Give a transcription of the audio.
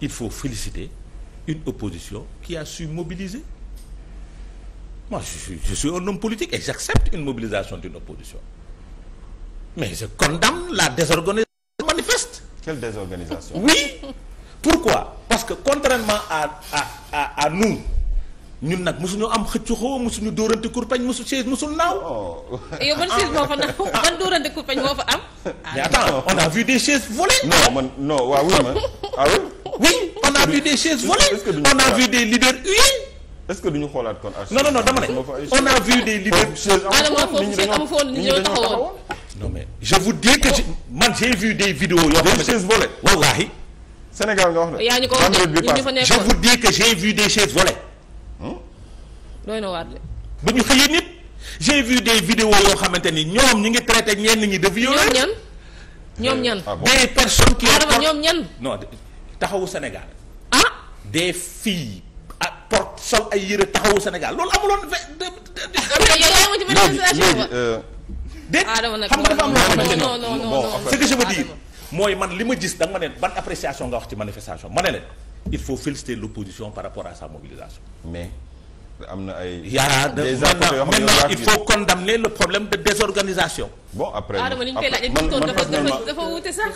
il faut féliciter une opposition qui a su mobiliser moi je suis je suis un homme politique et j'accepte une mobilisation d'une opposition mais je condamne la désorganisation oui pourquoi parce que contrairement à à à, à nous. ñun nag mosuñu am xëccu xoo mosuñu dóorante kurpañ mosu chaise mosul naaw. Oh. yow ban chaise moo fa naaw ban dóorante kurpañ moo fa am. mais attends on a vu des chaises voler. non man non waaw ma ah vu des chaises volées on a vu des leaders huilés est-ce que duñu xoolaat ah, kon non non non dama ne on a vu des leaders chaises non mais je vous dis que man j'ai vu des vidéos yoo xam ne chaises volées wallaahi Sénégal nga wax ne yaa ñu ko je vous dis que j'ai vu des chaises volées hmm? doy na waat ba ñu xëyee nit j'ai vu des vidéos yoo xamante ni ñoom ñi ngi traité ñenn ñi de violence ñoom ñan ñoom ñan ah des personnes qui ñoom ñan non taxawu Sénégal des filles port porte sol ay yére taxawu Sénégal loolu amuloon fe. Euh, déet xam nga dafa am loo xamante ce que je veux dire mooy man li ma gis da nga ma ne ban appréciation nga wax ci manifestation ma ne leen il faut féliciter l'opposition par rapport à sa mobilisation. mais am na ay. des acteurs maintenant il faut condamner le problème de désorganisation. bon après man man personnellement dafa wuute sax.